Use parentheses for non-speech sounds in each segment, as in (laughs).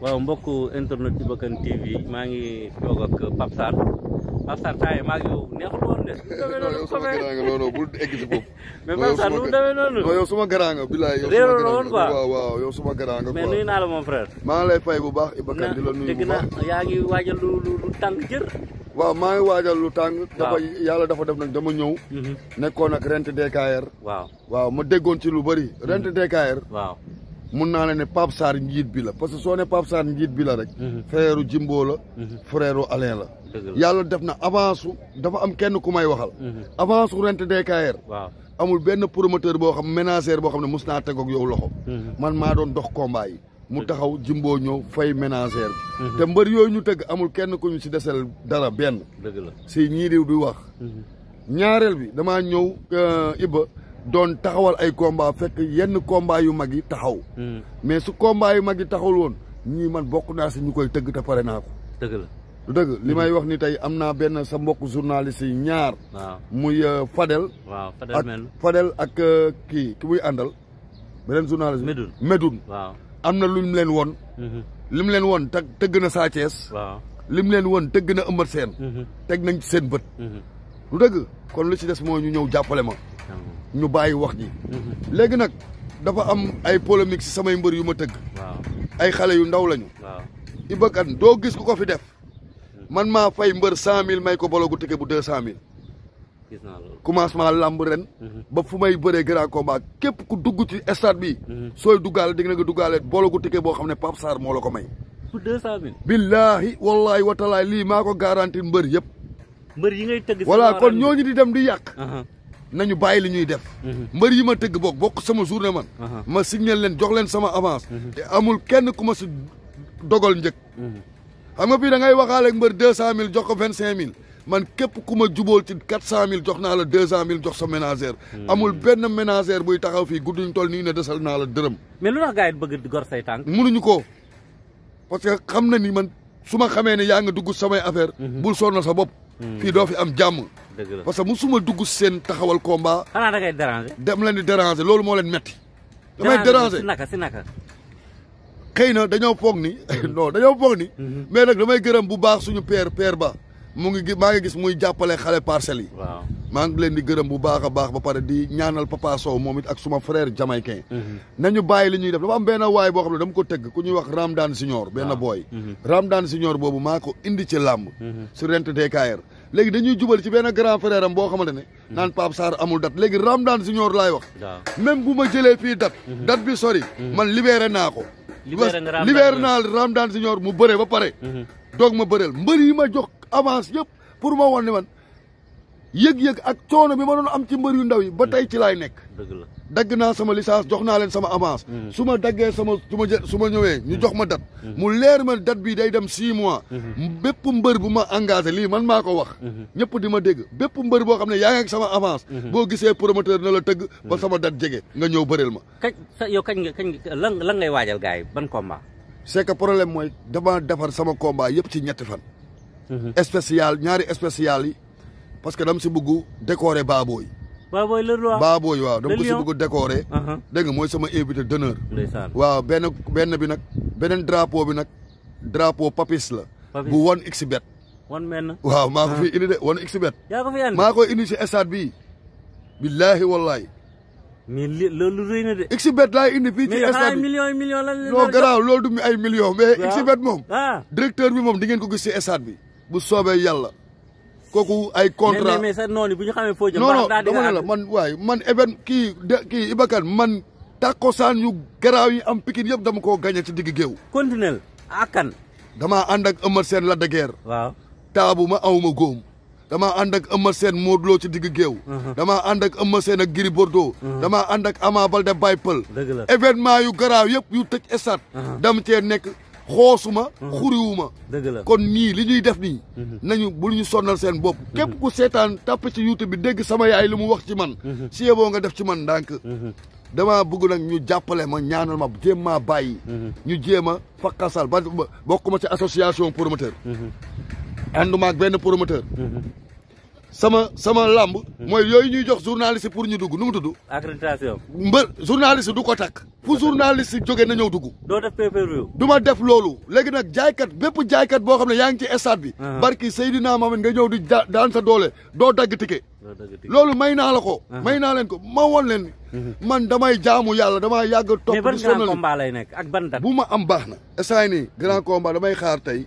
waaw mbokk internet ci Bakkan TV maa ngi toog ak Pape Sarr maa ngi yow neexul woon de. loolu sama garaan nga loolu bul egg si foofu. (laughs) mais noonu. yow suma garaan nga bilaay yow suma garaan nga waaw waaw naa la mon frère. maa ngi lay fay bu baax Ibakan di la nuyu bu baax yaa ngi waajal lu lu lu jër. waaw maa ngi waajal lu tàng. dafa yàlla dafa def nag dama ñëw. Mhm. nekkoon ak rent DKR. waaw waaw ma déggoon ci lu bëri mhm. rent DKR. waaw. mun naa ne ne Pape Sarr njiit bi la parce que soo ne Pape Sarr njiit bi la rek. Mhm. frère Jimbo la. Mhm. frère yàlla def na avance dafa am kenn ku may waxal. Mhm. avance su rente DKR. waaw amul benn promoteur boo xam ménagère boo xam ne mos naa teg yow loxo. man maa doon dox combat yi. mu taxaw Jimbo ñëw fay ménagère bi. te mbër yooyu ñu tëgg amul kenn ku ñu si desel dara benn. dëgg la si ñii diw bi wax. ñaareel bi damaa ñëw euh, Ibba. don taxawal ay combat fekk yenn combat yu magi yi taxaw. Hmm. mais su combat yu magi taxawul won ñi man bokku na ci ñukoy teug tëgg te pare naa ko. dëgg la du deug limay wax ni tay amna ben sa mbokk journaliste yi ñaar. muy euh, Fadel. waaw Fadel mel Fadel ak euh, ki ki muy andal benen journaliste medun medun waaw amna na leen won hmm lim leen won tag tëgg na Sa Thiès. waaw lim leen won teug na sen hmm tek nañ ci sen seen hmm du deug kon lu ci dess mo ñu ñew jappalé ma ñu bayyi wax ji légui nak dafa am ay polémique ci samay mbeur yu ma teug ay xalé yu ndaw lañu Iba Kane doo gis ku ko fi def man ma fay mbeur 100000 may ko bologu tike bu 200000 cent mille commencement làmb ren mhm. ba fumay may grand combat képp ku dugg ci stade bi mhm. sooy duggaale di nga nga duggaale bologu tike bo xam pap sar mo la ko may pour 200000 billahi wallahi wa wallaahi li mako garantie mbeur garanti mbeur yi ngay teug wala kon ñoñu di dem di yak nañu bàyyi li ñuy def mhm. mbër yi ma tëgg boog bokk sama journée man ma signal leen jox leen sama avance mhm. te amul kenn ku ma si dogal njëkk mhm. xam nga fii da ngay waxaale ak mbër deux cent mille jox ko vingt cinq mille man képp ku ma jubóol ci quatre cent mille jox naa la deux cent mille jox sa ménagère amul benn ménagère buy taxaw fii gudduñ toll nii ne desal naa la dërëm mais lu tax gars yi bëgg gor say tànk mënuñu ko parce que xam na ni man su ma xamee ne yaa nga dugg samay affaire bul sonal sa bopp fii doo fi am jàmm. parce que suma dugg seen taxawal combat. xanaa da ngay dem leen di déranger loolu moo leen metti damay déranger si naka na dañoo foog ni. Mm-hmm. non dañoo foog ni. Mm-hmm. mais nag damay gërëm bu baax suñu père père ba. mu ngi maa ngi gis muy jàppale xale parcelles yi. maa ngi leen di gërëm bu baax a baax ba pare di ñaanal papa Sow moom it ak suma frère jamaïcain. Mhm. nañu bàyyi li ñuy def dafa am benn waay boo xam ne dama ko tëgg ku ñuy wax Ramdan Signor. benn booy. Mhm. Ramdan siñoor boobu maa ko indi ci làmb. Mhm. sur RTTKR. léegi dañuy jubal ci benn grand frère boo xamante ne. naan Pape Sarr amul date léegi Ramdan Signor laay wax. même bu ma jëlee fii date. date bi sori. man libéré naa ko. libéré naa Ramdan Signor mu bëree ba pare. doog ma bëreel mbër yi ma jox avance yëpp pour ma wane ni man yëg-yëg ak coono bi ma doon am ci mbër yu ndaw yi ba tey ci laay nekk dagg naa sama licence jox naa leen sama avance hmm. su ma daggee sama su ma su ma ñëwee ñu jox ma date hmm. mu leer ma date bi day dem six mois hmm. bépp mbër bu ma engage lii man maa ko wax ñëpp di ma dégg bépp mbër boo xam ne yaa ngi sama avance boo gisee promoteur na la tëgg ba sama dat jege nga ñëw bëreel ma kañ yow kañ nga kañ lan lan ngay waajal gars yi ban combat c'est que problème mooy dama defar sama combat yëpp ci ñetti fan Mhm. spécial ñaari spécial yi parce que dam si bëgg décorer baabooy. baabooy le roi baabooy waaw dama ko si bëgg décorer. Uh-huh. dégg mooy sama invité d'honneur. waaw benn benn bi nag beneen drapeau bi nag drapeau papis la. bu one x waaw maa ko uh-huh. fi indi de one x bet. ko indi si stade bii. billaahi wallaahi. mais li loolu rëy na de. xibet laay indi fii ci stade bi millions garaaw loolu du ay millions mais xibet moom. Ah. directeur bi moom di ngeen ko gis si stade bi. bu soobee yàlla kooku ay contrat mais mais bu ñu xamee foo jëm. non non dama ne man waaye man even kii de kii Iba Kane man tàkkosaan yu garaaw yi am Pikine yëpp dama koo gagné ci digg géew. continuel ak kan. damaa ànd ak Eumeu Sène Lac de Guiers. waaw taabu ma awma góom. damaa ànd ak Eumeu Sène Modou Lo ci digg géew. Uh-huh. damaa ànd ak Eumeu Sène ak Gris Bordeaux. Uh-huh. dama ànd amaabal de Baldé Baye Peul. yu garaaw yëpp yu tëj stade. Uh-huh. dam cee nekk. xoosuma mhm. xuriwuma kon nii li ñuy def nii mhm. nañu bul ñu sonnal seen bopp mhm. képp ku seetaan tàpp ci youtube bi dégg sama yaay li mu wax ci man si yeboo nga def ci man ndànk dama bëgg nag ñu jàppale ma ñaanal ma jéem maa bàyyi ñu jéem a fakkasal ba ma ci association promoteur ànduma ak benn promoteur sama sama làmb hmm. mooy yooyu ñuy jox journaliste pour ñu dugg nu mu tudd. accréditation. mbër journaliste du ko takk. fu journaliste jóge na ñëw dugg. doo def pay du ma def loolu. léegi nag jaaykat bépp jaaykat boo xam ne yaa ngi ci stade bi. Uh-huh. barki Seydina Mohamed nga ñëw di daan sa doole doo dagg ticket. loolu may naa la ko. Uh-huh. may naa leen ko ma woon leen. Uh-huh. man damay jaamu yàlla damaa yàgg topp. mais ban grand combat lay nekk ak ban bu ma am baax na. instant nii grand combat damay xaar tey.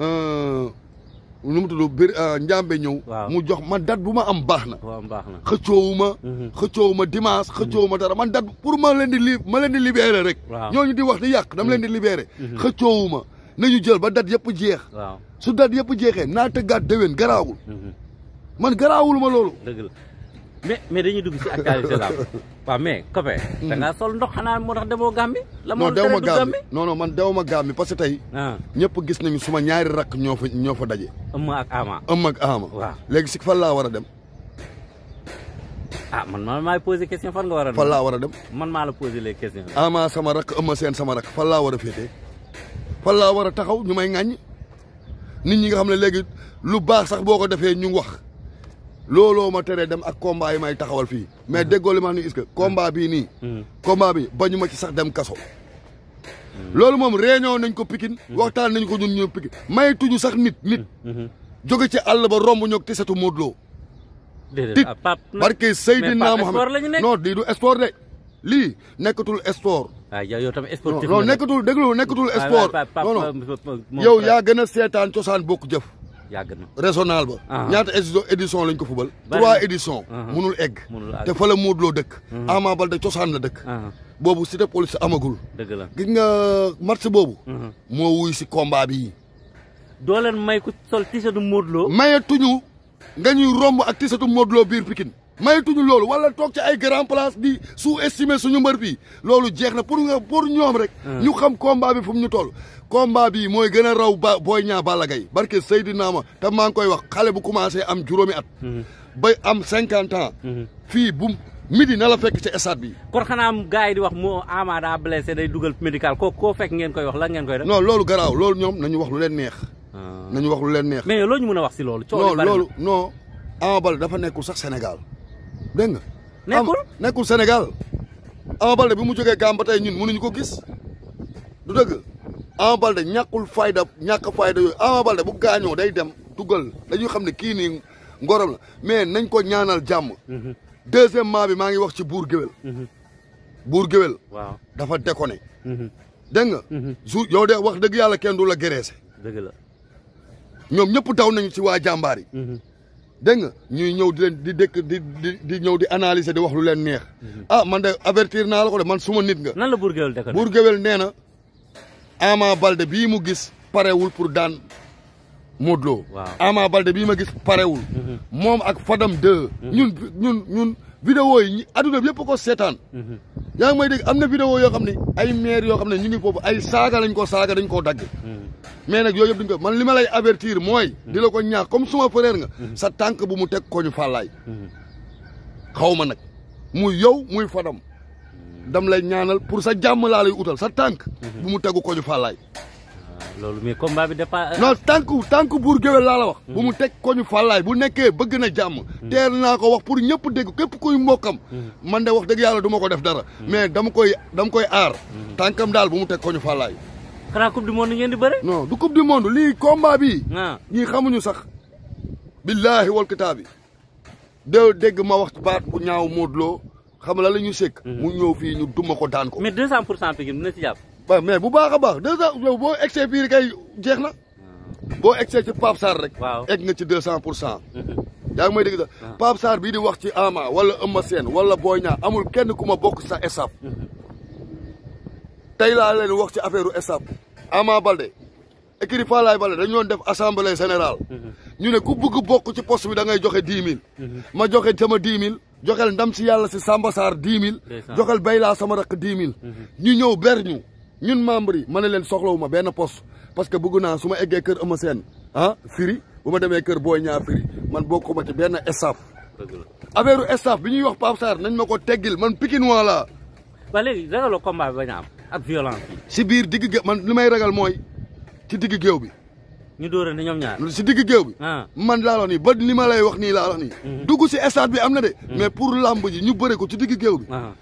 Euh, nu mu tudd bir euh, njàmbe ñëw mu jox man date bu ma am baax na xëccoowu ma xëccoowu ma dimanche xëccoowu ma dara man date pour ma leen di li ma leen di libéré rek ñooñu di wax di yàq dama leen di mhm. libéré mhm. xëccoowu ma nañu jël ba date yëpp jeex su date yëpp jeexee naa tëggaat déwén garaawul mhm. man garaawul ma loolu mais mais dañuy dugg ci actualité la waaw mais copain da nga sol ndox xanaa moo tax demoo Gambie la non dewuma Gambie non non man dewuma Gambie parce que tey ah. ñëpp gis nañu suma ñaari rakk ak ama ëmm ak ama waaw léegi si fan laa war dem ah man maa maay question fan nga dem dem man la les questions ama sama rak, ëmm sama rak. fan laa war a féetee fan laa taxaw ñu may nit ñi nga lu baax sax ñu wax looloo ma teree dem ak combat may taxawal fii mais mhm. déggoo ma ni est-ce que combat mhm. bii nii. Mhm. combat bi bañu ma ci sax dem kaso. loolu moom réunion nañ ko pikin. waxtaan nañ ko ñun ñu pikin may tuñu sax nit nit. jóge ci àll ba romb ñoog te setu Modou Lo. déedéet ah Pape nag barke Seydina Mohamed non lii du sport de. lii nekkatul sport. ah yow tamit sportif non nekkatul nekkatul sport. non non yow yaa gën a seetaan cosaan bokk jëf. yàgg na Edison ba ah. ñaata édition lañ fubal trois édition ah. munul egg te modlo la Modou Lo dëkk mm-hmm. Ama Baldé cosaan la dëkk ah. boobu cité police amagul dëgg la gis nga euh, match boobu mm-hmm. moo wuy si combat bi doo leen may ku sol tisatu Modou Lo mayetuñu nga ñuy romb ak tisatu Modou Lo maytuñu lolu wala tok ci ay grand place di sous-estimer suñu mbeur bi lolu jeex na pour nga pour ñom rek. Ah. ñu xam combat bi fu ñu toll. combat bi moy gëna raw boy booy ñaa Balla Gaye barke sayidina ma ta ma ngoy wax xalé bu commencé am juromi at. Mm-hmm. ba am 50 ans. Mm-hmm. fi bu midi na la fekk ci stade bi. kor xana am gaay di wax mo amada blessé day duggal médical ko ko fekk ngeen koy wax la ngeen koy def. non lolu graw lolu ñom nañu wax lu leen neex. Ah. nañu wax lu leen neex. mais loñu mëna wax ci lolu si bari non lolu non amabal dafa nekkul sax Sénégal. dégg nga. nekkul nekkul Sénégal Ama Baldé bi mu jógee Gàmbi ba tey ñun mënuñu ko gis du dëgg Ama Baldé ñàkkul fayda ñàkk fayda yooyu Ama Baldé bu gaañoo day dem duggal dañuy xam ne kii nii ngorom la mais nañ ko ñaanal jàmm. Mhm. deuxièmement bi maa ngi wax ci buur géwél. Mhm. buur géwél. waaw dafa déconné. Mhm. dégg nga. su yow de wax dëgg yàlla kenn du la gëreese. dëgg la ñoom ñëpp daw nañu ci waa jàmbaar yi. dégg nga ñuy ñëw di leen di dëkk di di di ñëw di analyser di wax leen neex. Mhm. ah man de avertir na la man suma nit nga. nan la Bour Gueweul dëkk Bour Gueweul nee na Ama Balde bii mu gis parewul pour daan Modou Lo. waaw Ama Balde bii ma gis parewul. Mhm. moom ak Fadam 2. Mhm. ñun ñun. vidéo yi adduna bi yëpp ko seetaan mhm. yaa ngi may dégg am na vidéo yoo xam ne ay maire yoo xam ne ñu ngi foofu ay saaga lañ ko saaga dañ koo dagg mhm. mais nag yooyu yëpp duñ ko man li ma lay avertir mooy mhm. di la ko ñaax comme suma frère nga sa tànk bu mu teg ko ñu fàllaay ma nag muy yow muy fadam dam lay ñaanal pour sa jàmm laa lay utal sa tànk bu mu tegu ko ñu fàllaay loolu mais combat bi dafa euh, non tànku tànku buur géwél laa la wax hmm. bu mu teg koñu fàllaay bu nekkee bëgg na jàmm hmm. teer naa ko wax pour ñëpp dégg képp kuy mbokkam hmm. man de wax dëgg yàlla du ko def dara mais dama koy dama koy aar tànkam daal bu mu teg koñu fàllaay xanaa coupe du monde ngeen di bëre non du coupe du monde lii combat bii ah. ñii xamuñu sax billaahi wal kitabi. de dégg ma wax baat bu ñaaw Modou Lo xam la la ñu sëkk mu ñëw fii ñu duma ko daan ko mais 200% cent dina ci waaw mais bu baax a baax deux cent yow boo egsee fii kay jeex na boo egsee ci Pape Sarr rek. waaw egg nga ci deux cent pour cent. (laughs) yaa ngi may dégg sax ah. Pape Sarr bii di wax ci Ama wala Eumeu Sène wala Boy Niang amul kenn ku ma bokk sa staff. (laughs) tey laa leen wax ci affaire u staff Ama Balde écurie Falaye Balde dañu doon def assemblée général (laughs) ñu ne ku bëgg bokk ci pos bi da ngay joxe dix mille. ma joxe sama dix mille. joxel ndam si yàlla si Samba Sarr dix mille. joxel Bayla sama rakk dix mille. ñu ñëw ber ñu. ñun membre yi man ne leen soxlawuma benn poste parce que bëgg naa su ma eggee kër Eumeu Sène ah, firi bu ma demee kër Boy Niang firi man boo bokkuma ci benn staff. affaire u staff bi ñuy wax Pape Sarr nañ ma ko teggil man Pikinois laa. ba léegi ragaloo combat bañ am ak violence bi. si biir digg géew man li may ragal mooy ci digg géew bi. ñu dóorante ñoom ñaar. si digg géew bi. Ah. man laa wax nii ba li wax nii laa wax nii. Mhm. si stade bi am na de. Mhm. mais pour lamb ji ñu bëre ko ci digg géew bi. Ah.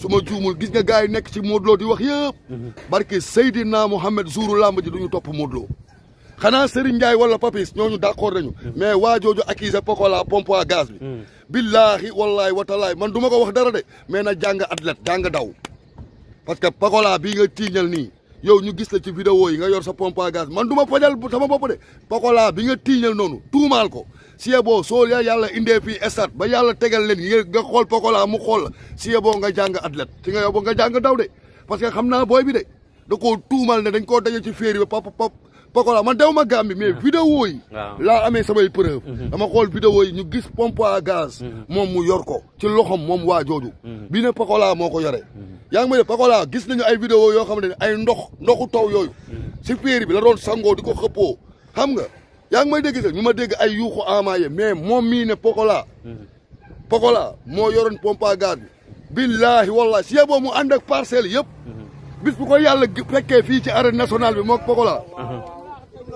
su ma juumul gis nga gars yi nekk ci Modou di wax yëpp. Mhm. barke Seydina Mohamed Zouru Lamb ji du ñu topp Modou Lo. xanaa Serigne Ndiaye wala Papis ñooñu d'accord nañu. Mhm. mais waa jooju accusé Pokola pompe à gaz bi. Mhm. billaahi wallaahi watalaay man duma ma ko wax dara de mais na jàng athlète jàng daw. parce que Pokola bii nga tiiñal ni yow ñu gis la ci vidéo yi nga yor sa pompe à gaz man du ma fajal sama bopp de Pokola bi nga tiiñal noonu tuumaal ko si boo soo la yàlla indee fii estat ba yàlla tegal leen yi nga xool Pokola mu xool la si boo nga jàng athlète si nga yow nga jàng daw de parce que xam naa booy bi de da koo tuumal ne dañ koo daje ci féeri ba pap pap Pokola man dew ma Gambie mais ah. vidéo yi ah. laa amee samay preuve mhm. dama xool vidéo yi ñu gis pompe à gaz mhm. moom mu yor ko ci loxom moom waa jooju mhm. bii ne Pokola moo ko yore yaa ngi may def Pokola gis nañu ay vidéo yoo xam ne ay ndox ndoxu taw yooyu si féeri bi la doon sangoo di ko xëppoo xam nga yaa ngi may dégg ñu ma dégg ay yuuxu amaaye mais moom mii ne Pokola Pokola moo yoroon pompe à bi billaahi wallaahi si yeboo mu ànd ak parcelle yëpp bis bu ko yàlla fekkee fii ci arène nationale bi mook Pokola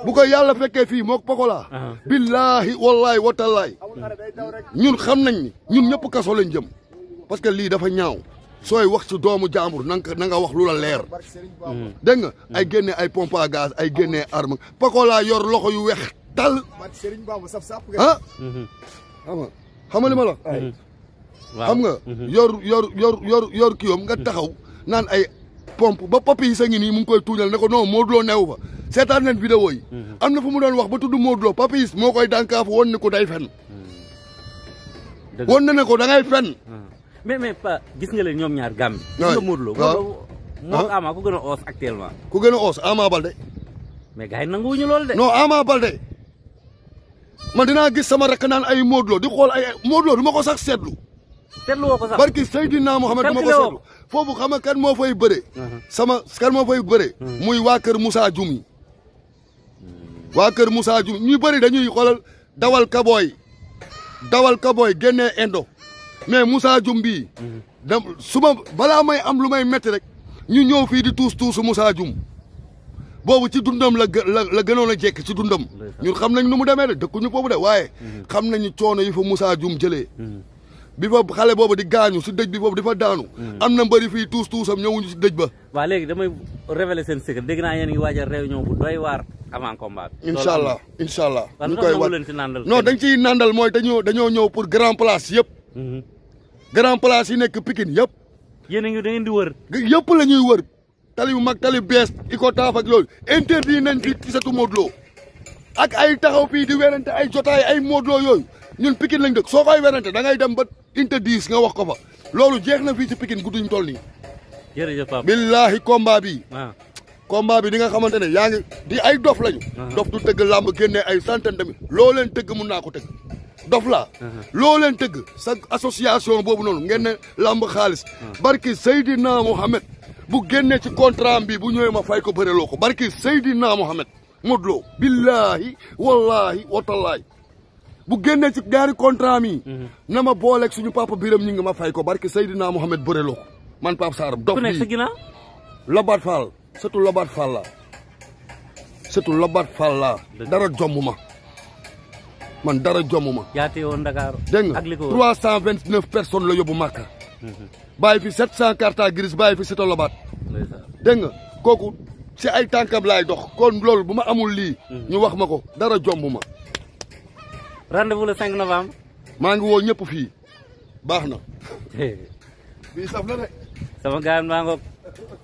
bu ko yàlla fekkee fii mook Pokola billaahi wallaahi watalaay ñun xam nañ ni ñun ñep kasso lañ jëm parce que li dafa ñaaw soy wax ci doomu jàmbur nang nga wax lula leer hmm. deug nga hmm. ay genné ay pompe à gaz ay genné arme la yor loxo yu weex tal ah hmm. xam nga xam nga la xam nga yor yor yor yor yor kiom nga taxaw nan ay pompe ba papi sa ngi nii mu ngi koy tuñal ne ko non mo do neew fa seetaan nañ vidéo mhm. am na fu mu doon wax ba tudd Modou Lo Papis moo koy dànkaaf woon ne ko day fen woon na ne ko da ngay fen mhm. mais mais gis nga ñoom ñaar gàmm. waaw waaw gën a oos ku gën a oos Ama Balde. mais gars man dinaa gis sama rakk naan ay Modou Lo di xool ay Modou Lo du ma ko sax seetlu. seetlu woo ko sax barki Seydina Mohamed ko seetlu. foofu xam nga moo fay bëree. Uh-huh. sama kan moo fay bëree. Uh-huh. muy waa kër Moussa Dioum waa kër Moussa Dioum ñu bëri dañuy xoolal dawal kabooy dawal kabooy génnee indo mais Moussa Dioum bii da su ma balaa may am lu may métti rek ñu ñëw fii di tuus tuusu Moussa Dioum boobu ci dundam la la la gënoon a jekk ci dundam ñu xam nañ nu mu demee de dëkkuñu foofu de waaye mhm. xam nañu coono yi fa Moussa Dioum jëlee mhm. bi fa xale boobu di gaañu si dëj bi foofu di fa daanu mhm. am na mbëri fii tuus tuusam ñëwuñu si dëj ba waa léegi damay révéler seen secret dégg naa yéen ngi waajal réunion bu doy waar avant combat incha allah incha allah ñu koy kan wax non dañ ciy nandal mooy dañoo dañoo ñëw pour grand place yep. Mhm. grand place yi nekk Pikine yëpp yéen a ngi da ngeen di wër yëpp la wër tali bu mag tali bees i ko taaf ak loolu interdit nañ fi tisatu Modou Lo ak ay taxaw fii di werante ay jotaay ay Modou Lo yooyu ñun Pikine lañ dëkk soo koy werante da ngay dem ba interdit nga wax ko fa loolu jeex na fii ci Pikine gudduñ toll nii jërëjëf Pape billahi combat bi ah. combat bi di nga xamante ne yaa ngi di ay dof lañu. dof du tëgg làmb génne ay centaine de loo leen tëgg mun naa ko tëgg. dof la loo leen tëgg sa association boobu noonu ngeen ne làmb xaalis. barki Seydina Mohamed bu génnee ci contrat bi bu ñëwee ma fay ko bëreloo ko barki Seydina Mohamed Modou Lo billahi wallahi watalahi bu génnee ci ñaari contrat mi. na ma booleeg suñu papa biram ñu ngi ma fay ko barki naa Mohamed bëreloo ko man Pape Sarr do bi ku nekk surtout Lobaat Fall la surtout Lobaat Fall dara jomb ma man dara jomb ma. yaa teewoon Ndakaaru. dégg nga trois cent vingt neuf personnes la yóbbu Màkka. bàyyi fi sept cent cartes grises bàyyi fi surtout Lobaat. dégg nga kooku si ay tànkam laay dox ko loolu bu ma amul lii. Mm-hmm. ñu wax ma ko dara jomb ma. rendez-vous maa ngi woo ñëpp fii baax na. (laughs) bii saf na de. sama gars maa ngoog.